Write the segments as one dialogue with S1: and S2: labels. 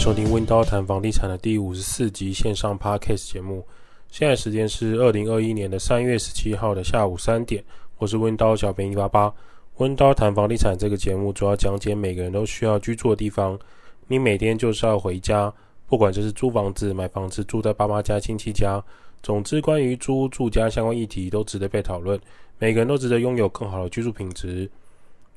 S1: 收聽溫刀談房地產的第五十四集線上 Podcast 節目。現在時間是二零二一年的三月十七號的下午三點。我是溫刀小編一八八。溫刀談房地產這個節目主要講解每個人都需要居住的地方。你每天就是要回家，不管就是租房子、買房子、住在爸媽家、親戚家，總之關於租住家相關議題都值得被討論。每個人都值得擁有更好的居住品質。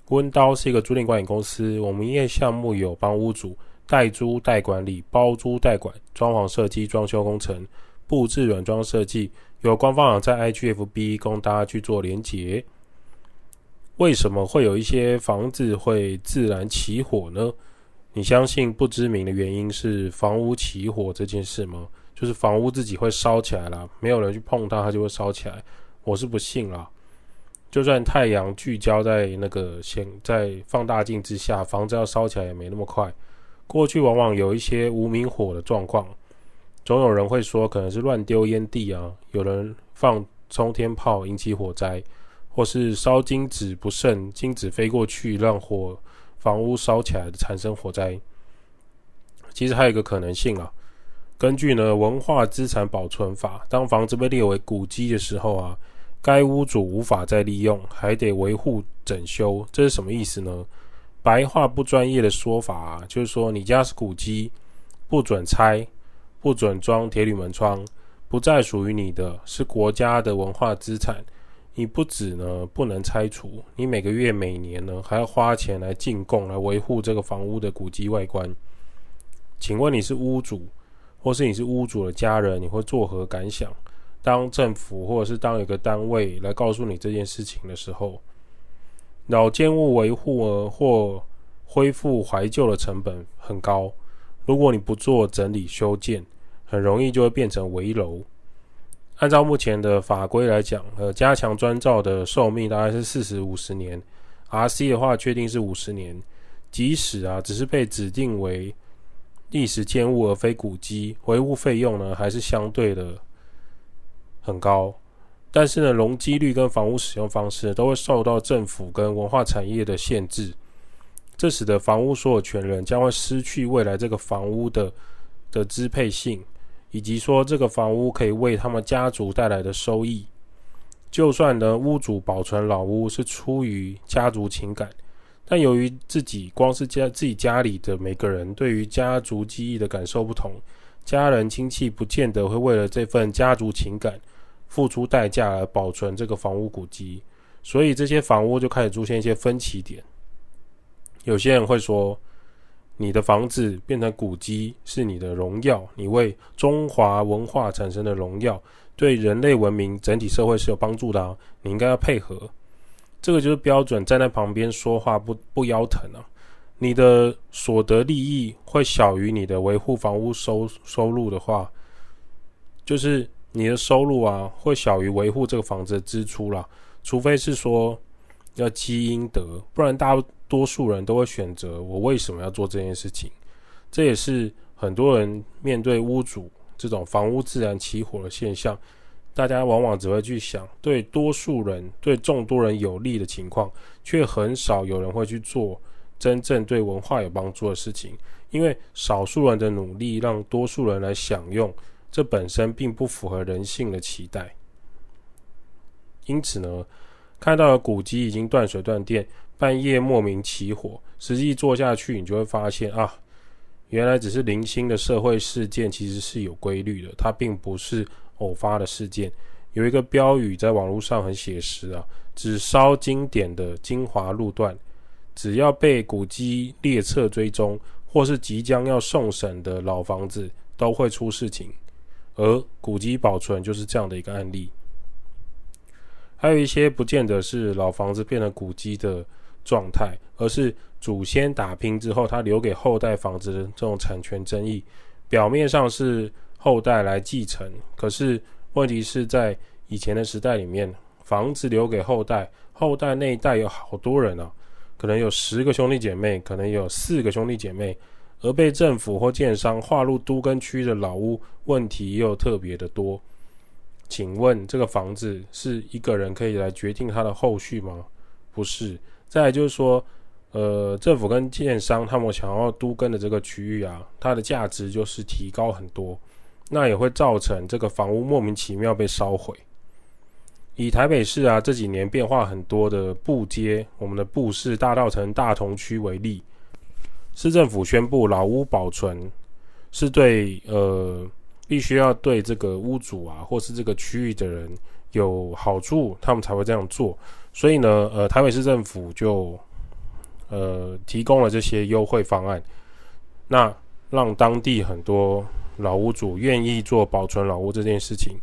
S1: 溫刀是一個租賃管理公司，我們營業項目有幫屋主。代租代管理、包租代管、裝潢設計、裝修工程、布置軟裝設計，有官方網站、啊、在 IGFB 供大家去做連接。為什麼會有一些房子會自燃起火呢？你相信不知名的原因是房屋起火這件事嗎？就是房屋自己會燒起來啦，沒有人去碰它，它就會燒起來。我是不信啦，就算太陽聚焦在那個先在放大鏡之下，房子要燒起來也沒那麼快。過去往往有一些無名火的狀況，總有人會說可能是亂丟煙蒂啊，有人放沖天炮引起火災，或是燒金紙不慎，金紙飛過去讓火房屋燒起來的產生火災。其實還有一個可能性啊，根據呢文化資產保存法，當房子被列為古蹟的時候啊，該屋主無法再利用，還得維護整修，這是什麼意思呢？白話不專業的說法啊，就是說你家是古蹟，不准拆，不准裝鐵鋁門窗，不再屬於你的，是國家的文化資產。你不止呢不能拆除，你每個月、每年呢還要花錢來進貢，來維護這個房屋的古蹟外觀。請問你是屋主，或是你是屋主的家人，你會作何感想？當政府或者是當一個單位來告訴你這件事情的時候？老建物維護呃或恢復懷舊的成本很高，如果你不做整理修建，很容易就會變成危樓。按照目前的法規來講，呃，加強磚造的壽命大概是四十五十年，RC 的話確定是五十年。即使啊，只是被指定為歷史建物而非古蹟，維護費用呢還是相對的很高。但是呢，容積率跟房屋使用方式呢，都會受到政府跟文化產業的限制，這使得房屋所有權人將會失去未來這個房屋的的支配性，以及說這個房屋可以為他們家族帶來的收益。就算呢屋主保存老屋是出於家族情感，但由於自己光是家自己家裡的每個人對於家族記憶的感受不同，家人親戚不見得會為了這份家族情感，付出代價來保存這個房屋古蹟，所以這些房屋就開始出現一些分歧點。有些人會說，你的房子變成古蹟是你的榮耀，你為中華文化產生的榮耀，對人類文明整體社會是有幫助的，啊，你應該要配合。這個就是標準，站在旁邊說話不不腰疼啊。你的所得利益會小於你的維護房屋收收入的話，就是。你的收入啊，會小於維護這個房子的支出啦。除非是說要積陰德，不然大多數人都會選擇，我為什麼要做這件事情？這也是很多人面對屋主這種房屋自燃起火的現象，大家往往只會去想對多數人、對眾多人有利的情況，卻很少有人會去做真正對文化有幫助的事情，因為少數人的努力讓多數人來享用。這本身並不符合人性的期待，因此呢，看到了古蹟已經斷水斷電，半夜莫名起火，實際做下去，你就會發現啊，原來只是零星的社會事件，其實是有規律的，它並不是偶發的事件。有一個標語在網絡上很寫實啊：只燒經典的精華路段，只要被古蹟列冊追蹤，或是即將要送審的老房子，都會出事情。而古蹟保存就是這樣的一個案例，還有一些不見得是老房子變成古蹟的狀態，而是祖先打拼之後，他留給後代房子的這種產權爭議，表面上是後代來繼承，可是問題是在以前的時代裡面，房子留給後代，後代那一代有好多人啊，可能有十個兄弟姐妹，可能有四個兄弟姐妹。而被政府或建商劃入都更區的老屋，問題又特別的多。請問這個房子是一個人可以來決定它的後續嗎？不是。再來就是說，呃，政府跟建商他們想要都更的這個區域啊，它的價值就是提高很多，那也會造成這個房屋莫名其妙被燒毀。以台北市啊這幾年變化很多的布街，我們的布市大稻埕大同區為例。市政府宣布，老屋保存是對呃必須要對這個屋主啊或是這個區域的人有好處，他們才會這樣做。所以呢，呃，台北市政府就呃提供了這些優惠方案，那讓當地很多老屋主願意做保存老屋這件事情。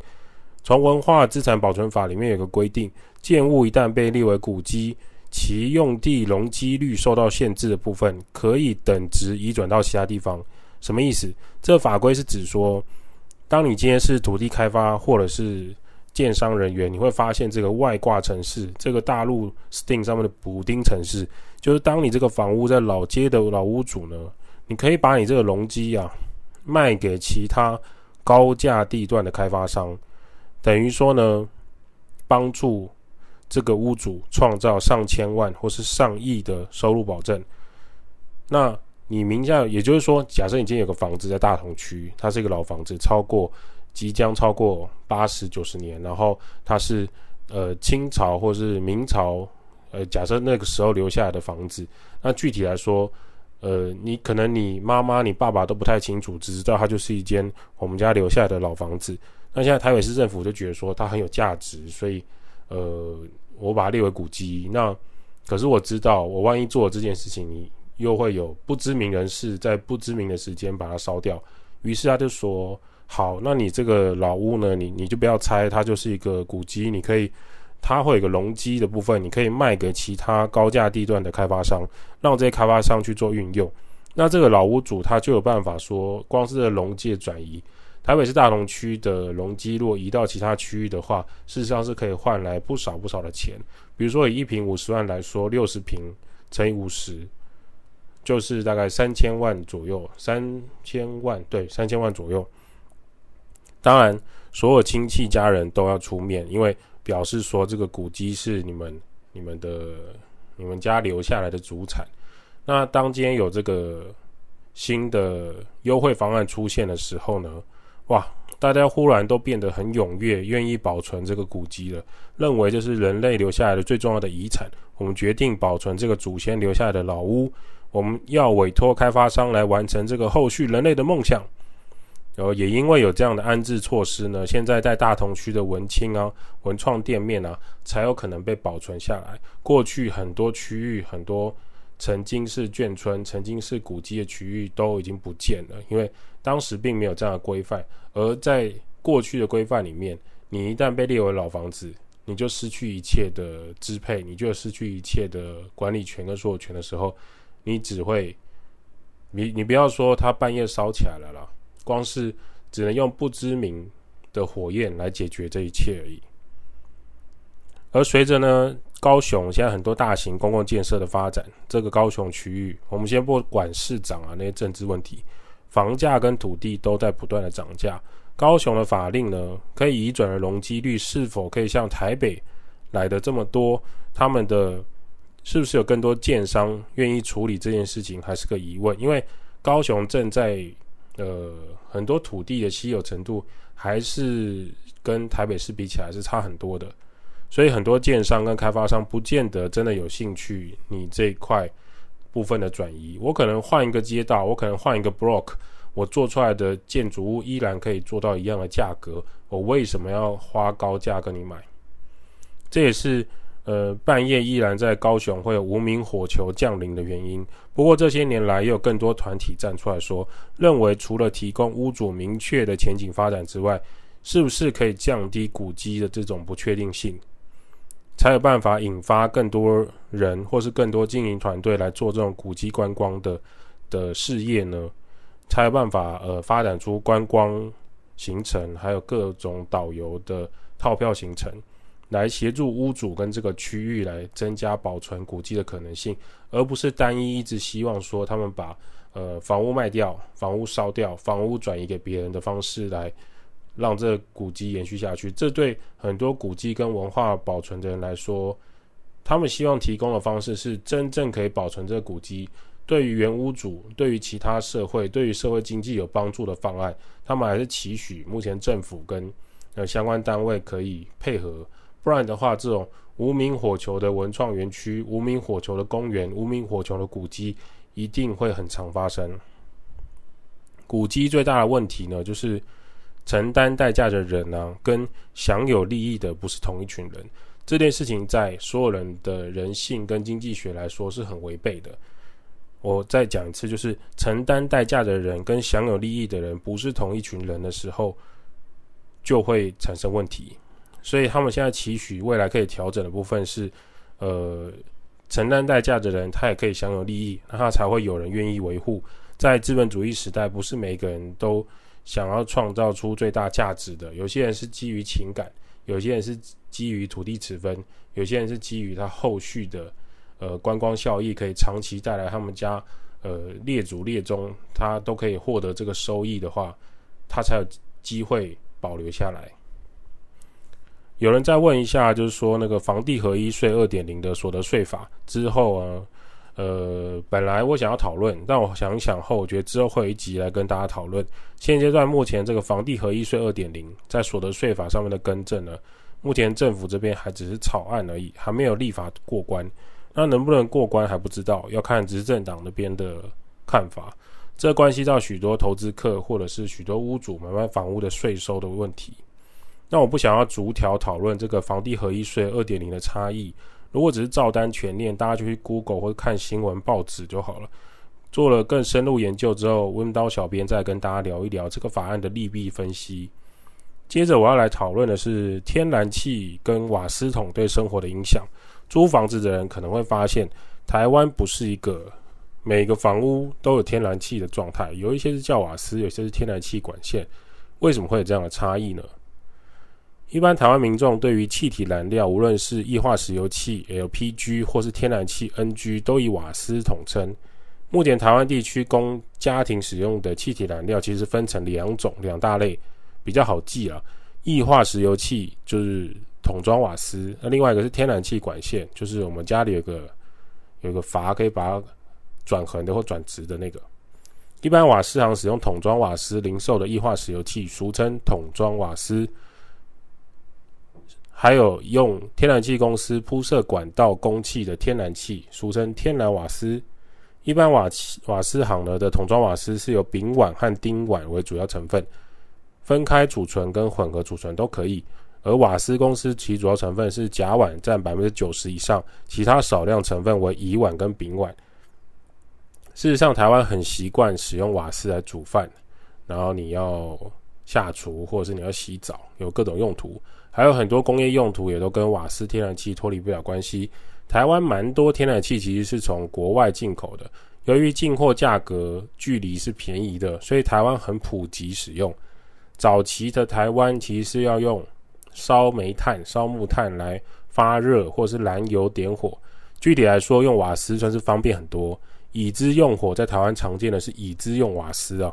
S1: 從文化資產保存法裡面有個規定，建物一旦被列為古蹟。其用地容積率受到限制的部分，可以等值移轉到其他地方。什麼意思？這個法規是指說，當你今天是土地開發或者是建商人員，你會發現這個外掛城市，這個大陸 Steam 上面的補丁城市，就是當你這個房屋在老街的老屋主呢，你可以把你這個容積啊賣給其他高價地段的開發商，等於說呢，幫助。這個屋主創造上千萬或是上億的收入保證，那你名下，也就是說，假設已經有個房子在大同區，它是一個老房子，超過即將超過八十九十年，然後它是呃清朝或是明朝呃，假設那個時候留下來的房子，那具體來說，呃，你可能你媽媽、你爸爸都不太清楚，只知道它就是一間我們家留下來的老房子。那現在台北市政府就覺得說它很有價值，所以呃。我把它列為古蹟，那可是我知道，我萬一做了這件事情，你又會有不知名人士在不知名的時間把它燒掉。於是他就說：“好，那你這個老屋呢，你你就不要拆，它就是一個古蹟，你可以，它會有個容積的部分，你可以賣給其他高價地段的開發商，讓這些開發商去做運用。那這個老屋主他就有辦法說，光是容積轉移。”台北市大同區的容積若移到其他區域的話，事實上是可以換來不少不少的錢。比如說以一坪五十萬來說，六十坪乘以五十，就是大概三千萬左右。三千萬對，三千萬左右。當然，所有親戚家人都要出面，因為表示說這個古蹟是你們、你們的、你們家留下來的祖產。那當今天有這個新的優惠方案出現的時候呢？哇！大家忽然都變得很踴躍，願意保存這個古蹟了，認為這是人類留下來的最重要的遺產。我們決定保存這個祖先留下來的老屋，我們要委託開發商來完成這個後續人類的夢想。然、哦、後也因為有這樣的安置措施呢，現在在大同區的文青啊、文創店面啊，才有可能被保存下來。過去很多區域很多。曾經是眷村，曾經是古蹟的區域都已經不見了，因為當時並沒有這樣的規範。而在過去的規範裡面，你一旦被列為老房子，你就失去一切的支配，你就失去一切的管理權跟所有權的時候，你只會，你你不要說它半夜燒起來了啦，光是只能用不知名的火焰來解決這一切而已。而隨着呢，高雄現在很多大型公共建設的發展，這個高雄區域，我們先不管市長啊那些政治問題，房價跟土地都在不斷的漲價。高雄的法令呢，可以移轉的容積率是否可以像台北來的這麼多？他們的是不是有更多建商願意處理這件事情，還是個疑問？因為高雄正在呃，很多土地的稀有程度還是跟台北市比起來是差很多的。所以很多建商跟開發商不見得真的有興趣你這一塊部分的轉移。我可能換一個街道，我可能換一個 block，我做出來的建築物依然可以做到一樣的價格，我為什麼要花高價跟你買？這也是呃半夜依然在高雄會有無名火球降臨的原因。不過這些年來也有更多團體站出來說，認為除了提供屋主明確的前景發展之外，是不是可以降低古蹟的這種不確定性？才有辦法引發更多人，或是更多經營團隊來做這種古蹟觀光的的事業呢？才有辦法呃發展出觀光行程，還有各種導遊的套票行程，來協助屋主跟這個區域來增加保存古蹟的可能性，而不是單一一直希望說他們把呃房屋賣掉，房屋燒掉，房屋轉移給別人的方式來。讓這個古蹟延續下去，這對很多古蹟跟文化保存的人來說，他們希望提供的方式是真正可以保存這個古蹟，對於原屋主、對於其他社會、對於社會經濟有幫助的方案，他們還是期許目前政府跟相關單位可以配合，不然的話，這種無名火球的文創園區、無名火球的公園、無名火球的古蹟，一定會很常發生。古蹟最大的問題呢，就是。承擔代價的人呢、啊，跟享有利益的不是同一群人，這件事情在所有人的人性跟經濟學來說是很違背的。我再講一次，就是承擔代價的人跟享有利益的人不是同一群人的時候，就會產生問題。所以他們現在期許未來可以調整的部分是，呃，承擔代價的人他也可以享有利益，那他才會有人願意維護。在資本主義時代，不是每個人都想要創造出最大價值的，有些人是基於情感，有些人是基於土地持分，有些人是基於他後續的呃觀光效益可以長期帶來他們家呃列祖列宗他都可以獲得這個收益的話，他才有機會保留下來。有人再問一下，就是說那個房地合一稅二點零的所得稅法之後啊。呃，本來我想要討論，但我想一想後，我覺得之後會有一集來跟大家討論。現階段目前這個房地合一稅二點零在所得稅法上面的更正呢，目前政府這邊還只是草案而已，還沒有立法過關。那能不能過關還不知道，要看執政黨那邊的看法。這關係到許多投資客或者是許多屋主買賣房屋的稅收的問題。那我不想要逐條討論這個房地合一稅二點零的差異。如果只是照單全念，大家就去 Google 或看新聞報紙就好了。做了更深入研究之後，溫叨小編再跟大家聊一聊這個法案的利弊分析。接着我要來討論的是天然氣跟瓦斯桶對生活的影響。租房子的人可能會發現，台灣不是一個每個房屋都有天然氣的狀態，有一些是叫瓦斯，有些是天然氣管線。為什麼會有這樣的差異呢？一般台灣民眾對於氣體燃料，無論是液化石油氣 （LPG） 或是天然氣 （NG），都以瓦斯統稱。目前台灣地區供家庭使用的氣體燃料其實分成兩種兩大類，比較好記啊。液化石油氣就是桶裝瓦斯，那另外一個是天然氣管線，就是我們家裡有個有個閥可以把它轉橫的或轉直的那個。一般瓦斯行使用桶裝瓦斯，零售的液化石油氣俗稱桶裝瓦斯。還有用天然氣公司鋪設管道供氣的天然氣，俗稱天然瓦斯。一般瓦，瓦斯行的的桶裝瓦斯是由丙烷和丁烷為主要成分，分開儲存跟混合儲存都可以。而瓦斯公司其主要成分是甲烷占百分之九十以上，其他少量成分為乙烷跟丙烷。事實上，台灣很習慣使用瓦斯來煮飯，然後你要。下廚或者是你要洗澡，有各種用途，還有很多工業用途也都跟瓦斯天然氣脫離不了關係。台灣蠻多天然氣其實是從國外進口的，由於進貨價格距離是便宜的，所以台灣很普及使用。早期的台灣其實是要用燒煤炭、燒木炭來發熱，或是燃油點火。具體來說，用瓦斯算是方便很多。已知用火在台灣常見的是已知用瓦斯啊。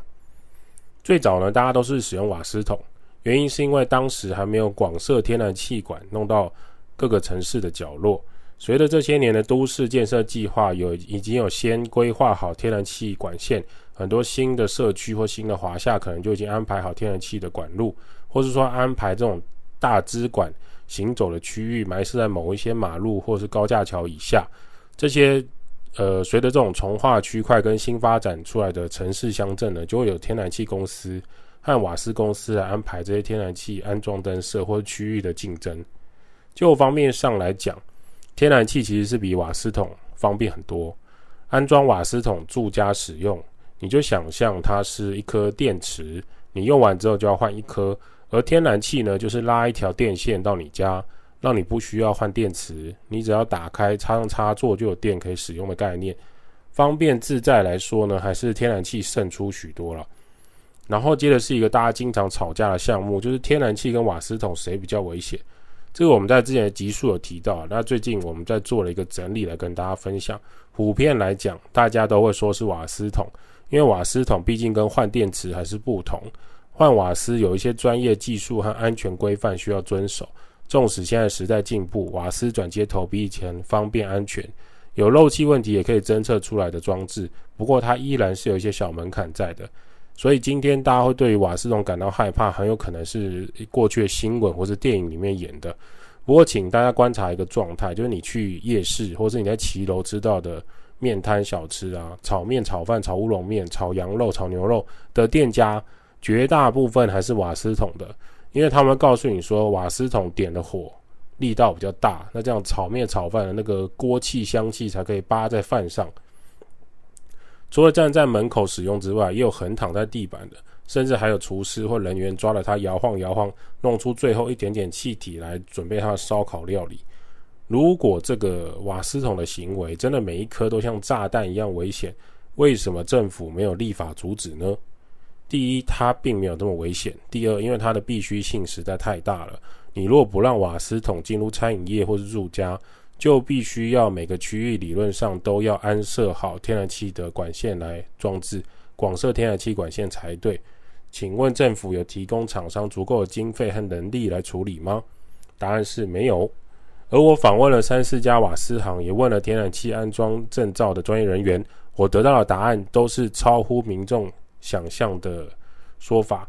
S1: 最早呢，大家都是使用瓦斯桶，原因是因為當時還沒有廣設天然氣管，弄到各個城市的角落。隨着這些年的都市建設計劃有，有已經有先規劃好天然氣管線，很多新的社區或新的華廈可能就已經安排好天然氣的管路，或是說安排這種大支管行走的區域，埋設在某一些馬路或是高架橋以下，這些。呃，隨着這種重劃區塊跟新發展出來的城市鄉鎮呢，就會有天然氣公司和瓦斯公司來安排這些天然氣安裝、燈設或區域的競爭。就方面上來講，天然氣其實是比瓦斯桶方便很多。安裝瓦斯桶住家使用，你就想象它是一顆電池，你用完之後就要換一顆；而天然氣呢，就是拉一條電線到你家。讓你不需要換電池，你只要打開插上插座就有電可以使用的概念。方便自在來說呢，還是天然氣勝出許多了。然後接着是一個大家經常吵架的項目，就是天然氣跟瓦斯桶誰比較危險？這個我們在之前的集數有提到，啊，那最近我們在做了一個整理來跟大家分享。普遍來講，大家都會說是瓦斯桶，因為瓦斯桶畢竟跟換電池還是不同，換瓦斯有一些專業技術和安全規範需要遵守。縱使現在時代進步，瓦斯轉接頭比以前方便安全，有漏氣問題也可以偵測出來的裝置，不過它依然是有一些小門檻在的。所以今天大家會對於瓦斯桶感到害怕，很有可能是過去的新聞或是電影裡面演的。不過請大家觀察一個狀態，就是你去夜市或是你在騎樓知道的麵攤小吃啊，炒麵、炒飯、炒烏龍麵、炒羊肉、炒牛肉的店家，絕大部分還是瓦斯桶的。因為他們告訴你說，瓦斯桶點的火力道比較大，那這樣炒麵、炒飯的那個鍋氣香氣才可以扒在飯上。除了站在門口使用之外，也有橫躺在地板的，甚至還有廚師或人員抓了它搖晃搖晃，弄出最後一點點氣體來準備他的燒烤料理。如果這個瓦斯桶的行為真的每一顆都像炸彈一樣危險，為什麼政府沒有立法阻止呢？第一，它並沒有這麼危險；第二，因為它的必需性實在太大了。你若不讓瓦斯桶進入餐飲業或是住家，就必須要每個區域理論上都要安設好天然氣的管線來裝置，廣設天然氣管線才對。請問政府有提供廠商足夠的經費和能力來處理嗎？答案是沒有。而我訪問了三四家瓦斯行，也問了天然氣安裝證照的專業人員，我得到的答案都是超乎民眾想象的說法，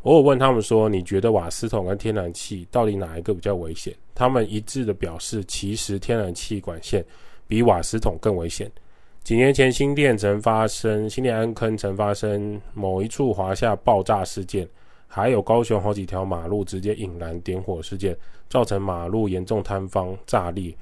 S1: 我有問他們說，你覺得瓦斯桶跟天然氣到底哪一個比較危險？他們一致的表示，其實天然氣管線比瓦斯桶更危險。幾年前新店曾發生，新店安坑曾發生某一處華廈爆炸事件，還有高雄好幾條馬路直接引燃點火事件，造成馬路嚴重坍方炸裂。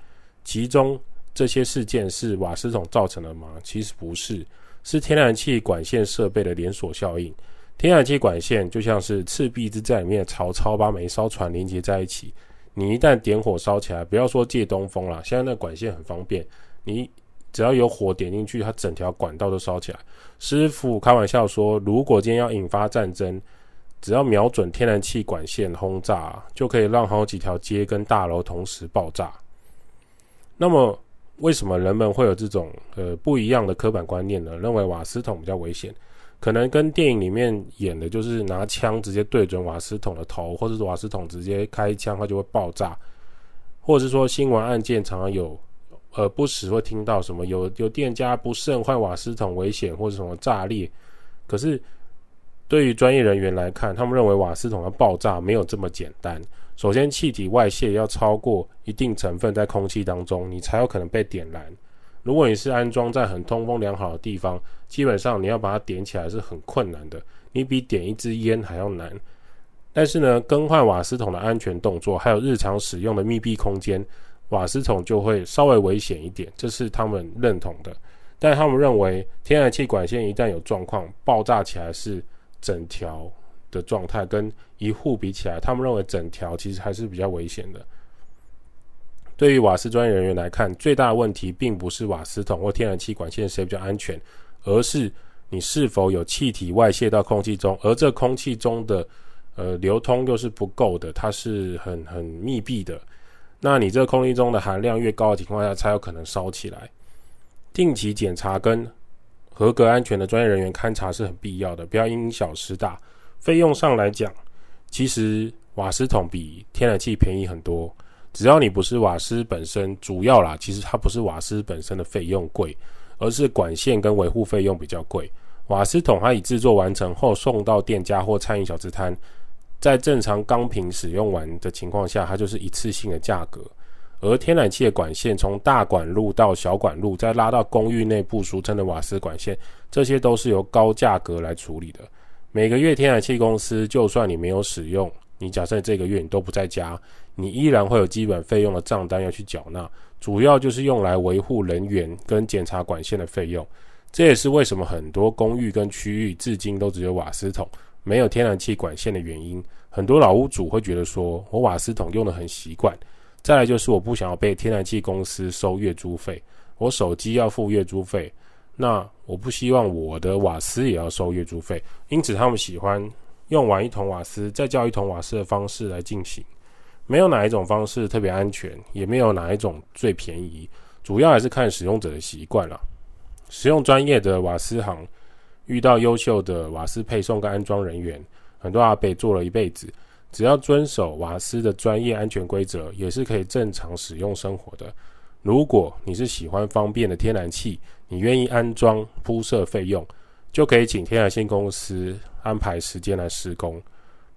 S1: 其中這些事件是瓦斯桶造成的嗎？其實不是。是天然氣管線設備的連鎖效應。天然氣管線就像是赤壁之戰裡面曹操把每艘船連接在一起，你一旦點火燒起來，不要說借東風了，現在那管線很方便，你只要有火點進去，它整條管道都燒起來。師傅開玩笑說，如果今天要引發戰爭，只要瞄準天然氣管線轟炸，就可以讓好幾條街跟大樓同時爆炸。那麼。為什麼人們會有這種呃不一樣的刻板觀念呢？認為瓦斯桶比較危險，可能跟電影裡面演的就是拿槍直接對準瓦斯桶的頭，或者是瓦斯桶直接開槍它就會爆炸，或者是說新聞案件常常有，呃不時會聽到什麼有有店家不慎換瓦斯桶危險或者什麼炸裂，可是對於專業人員來看，他們認為瓦斯桶的爆炸沒有這麼簡單。首先，氣體外泄要超過一定成分在空氣當中，你才有可能被點燃。如果你是安裝在很通風良好的地方，基本上你要把它點起來是很困難的，你比點一支煙還要難。但是呢，更換瓦斯桶的安全動作，還有日常使用的密閉空間，瓦斯桶就會稍微危險一點，這是他們認同的。但他們認為，天然氣管線一旦有狀況爆炸起來，是整條的狀態跟一戶比起來，他們認為整條其實還是比較危險的。對於瓦斯專業人員來看，最大的問題並不是瓦斯桶或天然氣管線誰比較安全，而是你是否有氣體外洩到空氣中，而這空氣中的呃流通又是不夠的，它是很很密閉的。那你這空氣中的含量越高的情況下，才有可能燒起來。定期檢查跟合格安全的專業人員勘察是很必要的，不要因小失大。費用上來講，其實瓦斯桶比天然氣便宜很多。只要你不是瓦斯本身主要啦，其實它不是瓦斯本身的費用貴，而是管線跟維護費用比較貴。瓦斯桶它已製作完成後送到店家或餐飲小吃攤，在正常鋼瓶使用完的情況下，它就是一次性的價格。而天然氣的管線從大管路到小管路，再拉到公寓內部，俗稱的瓦斯管線，這些都是由高價格來處理的。每個月天然氣公司，就算你沒有使用，你假設這個月你都不在家，你依然會有基本費用的賬單要去繳納。主要就是用來維護人員跟檢查管線的費用。這也是為什麼很多公寓跟區域至今都只有瓦斯桶，沒有天然氣管線的原因。很多老屋主會覺得說，我瓦斯桶用得很習慣，再來就是我不想要被天然氣公司收月租費，我手機要付月租費。那我不希望我的瓦斯也要收月租費，因此他們喜歡用完一桶瓦斯再叫一桶瓦斯的方式來進行。沒有哪一種方式特別安全，也沒有哪一種最便宜，主要還是看使用者的習慣啦。使用專業的瓦斯行，遇到優秀的瓦斯配送跟安裝人員，很多阿伯做了一輩子，只要遵守瓦斯的專業安全規則，也是可以正常使用生活的。如果你是喜歡方便的天然氣，你願意安裝鋪設費用，就可以請天然氣公司安排時間來施工。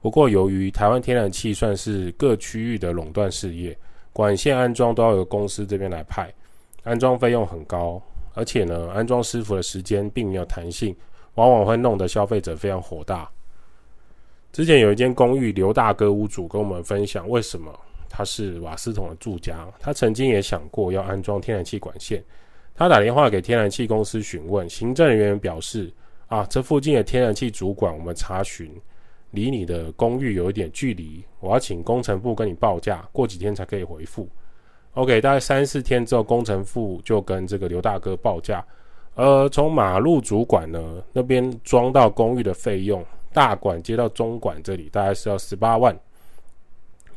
S1: 不過，由於台灣天然氣算是各區域的壟斷事業，管線安裝都要由公司這邊來派，安裝費用很高，而且呢，安裝師傅的時間並沒有彈性，往往會弄得消費者非常火大。之前有一間公寓，劉大哥屋主跟我們分享為什麼。他是瓦斯桶的住家，他曾經也想過要安裝天然氣管線。他打電話給天然氣公司詢問，行政人員表示：啊，這附近的天然氣主管我們查詢，離你的公寓有一點距離，我要請工程部跟你報價，過幾天才可以回復。OK，大概三四天之後，工程部就跟這個劉大哥報價，呃，從馬路主管呢那邊裝到公寓的費用，大管接到中管這裡，大概是要十八萬。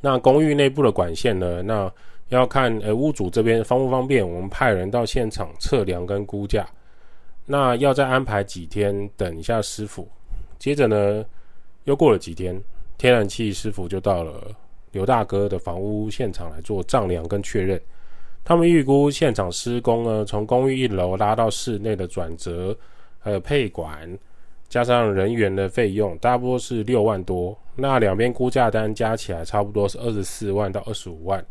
S1: 那公寓內部的管線呢？那要看誒、呃，屋主這邊方不方便？我們派人到現場測量跟估價。那要再安排幾天等一下師傅。接着呢，又過了幾天，天然氣師傅就到了劉大哥的房屋現場來做丈量跟確認。他們預估現場施工呢，從公寓一樓拉到室內的轉折，還有配管。加上人員的費用，大多是六萬多。那兩邊估價單加起來，差不多是二十四萬到二十五萬。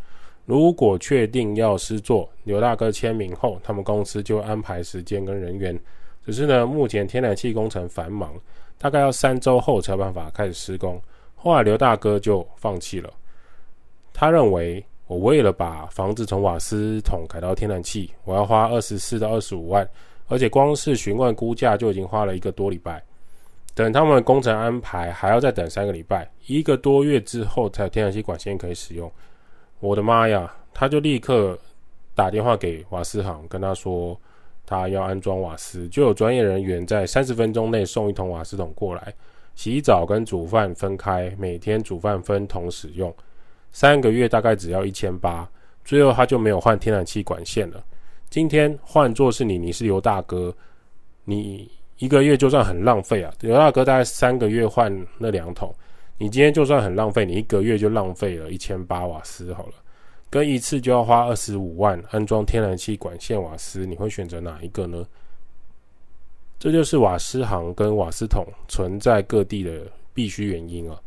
S1: 如果確定要施作，劉大哥簽名後，他們公司就安排時間跟人員。只是呢，目前天然氣工程繁忙，大概要三週後才有辦法開始施工。後來劉大哥就放棄了。他認為，我為了把房子從瓦斯桶改到天然氣，我要花二十四到二十五萬，而且光是詢問估價就已經花了一個多禮拜。等他們工程安排還要再等三個禮拜，一個多月之後才有天然氣管線可以使用。我的媽呀！他就立刻打電話給瓦斯行，跟他說他要安裝瓦斯，就有專業人員在三十分鐘內送一桶瓦斯桶過來。洗澡跟煮飯分開，每天煮飯分桶使用。三個月大概只要一千八。最後他就沒有換天然氣管線了。今天換作是你，你是劉大哥，你。一個月就算很浪費啊，劉大哥大概三個月換那兩桶。你今天就算很浪費，你一個月就浪費了一千八瓦斯好了。跟一次就要花二十五萬安裝天然氣管線瓦斯，你會選擇哪一個呢？這就是瓦斯行跟瓦斯桶存在各地的必須原因啊。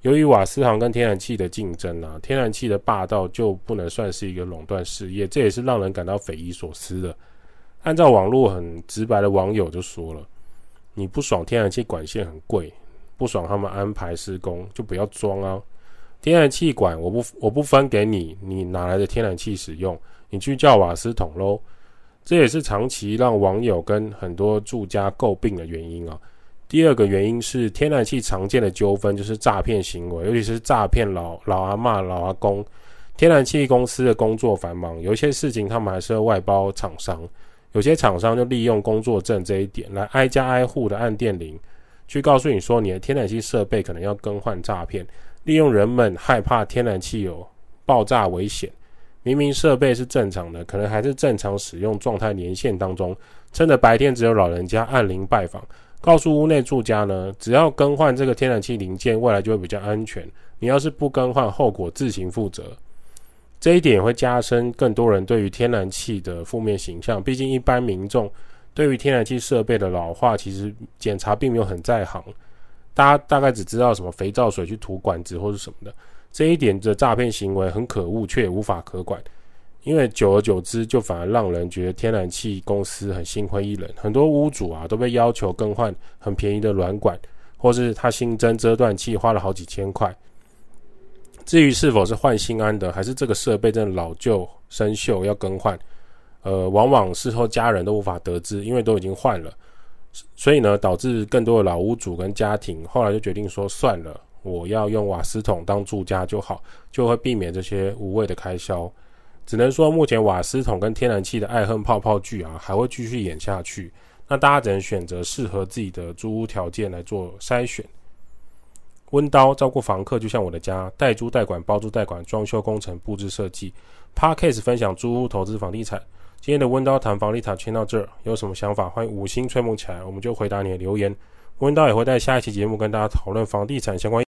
S1: 由於瓦斯行跟天然氣的競爭啊，天然氣的霸道就不能算是一個壟斷事業，這也是讓人感到匪夷所思的。按照網絡很直白的網友就說了。你不爽天然氣管線很貴，不爽他們安排施工就不要裝啊！天然氣管我不我不分給你，你哪來的天然氣使用？你去叫瓦斯桶咯。這也是長期讓網友跟很多住家詬病的原因啊。第二個原因是天然氣常見的糾紛就是詐騙行為，尤其是詐騙老老阿嬤、老阿公。天然氣公司的工作繁忙，有些事情他們還是要外包廠商。有些廠商就利用工作證這一點，來挨家挨戶的按電鈴，去告訴你說你的天然氣設備可能要更換詐騙，利用人們害怕天然氣有爆炸危險，明明設備是正常的，可能還是正常使用狀態，年限當中，趁着白天只有老人家按鈴拜訪，告訴屋內住家呢，只要更換這個天然氣零件，未來就會比較安全，你要是不更換，後果自行負責。這一點也會加深更多人對於天然氣的負面形象。畢竟，一般民眾對於天然氣設備的老化，其實檢查並沒有很在行。大家大概只知道什麼肥皂水去塗管子，或是什麼的。這一點的詐騙行為很可惡，卻也無法可管。因為久而久之，就反而讓人覺得天然氣公司很心灰意冷。很多屋主啊，都被要求更換很便宜的軟管，或是他新增遮斷器，花了好幾千塊。至於是否是換新安的，還是這個設備真的老舊生銹要更換，呃，往往事後家人都無法得知，因為都已經換了，所以呢，導致更多的老屋主跟家庭後來就決定說算了，我要用瓦斯桶當住家就好，就會避免這些無謂的開銷。只能說目前瓦斯桶跟天然氣的愛恨泡泡劇啊，還會繼續演下去。那大家只能選擇適合自己的租屋條件來做篩選。溫叨照顧房客，就像我的家，代租代管，包租代管，裝修工程佈置設計。Podcast 分享租屋投資房地產。今天的溫叨談房地產聽到這兒，有什麼想法歡迎五星吹捧起來，我們就回答你的留言。溫叨也會在下一期節目跟大家討論房地產相關。